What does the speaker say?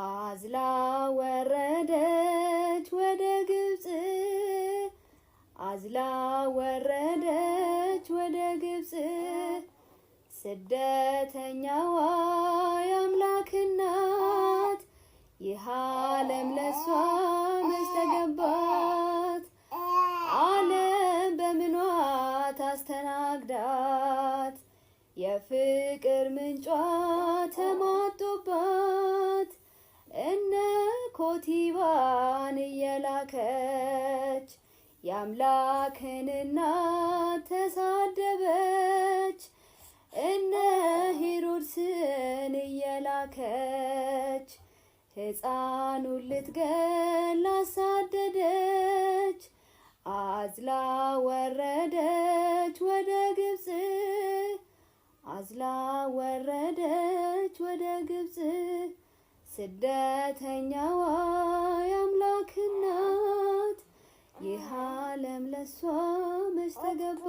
አዝላ ወረደች ወደ ግብፅ አዝላ ወረደች ወደ ግብፅ ስደተኛዋ የአምላክናት ይህ ዓለም ለሷ መች ተገባት? ዓለም በምኗ ታስተናግዳት የፍቅር ምንጯ ሞቲቫን እየላከች የአምላክን እናት ተሳደበች። እነ ሄሮድስን እየላከች ሕፃኑን ልትገል አሳደደች። አዝላ ወረደች ወደ ግብፅ አዝላ ወረደች ወደ ግብፅ ስደተኛዋ የአምላክ እናት ይህ ዓለም ለሷ መች ተገባ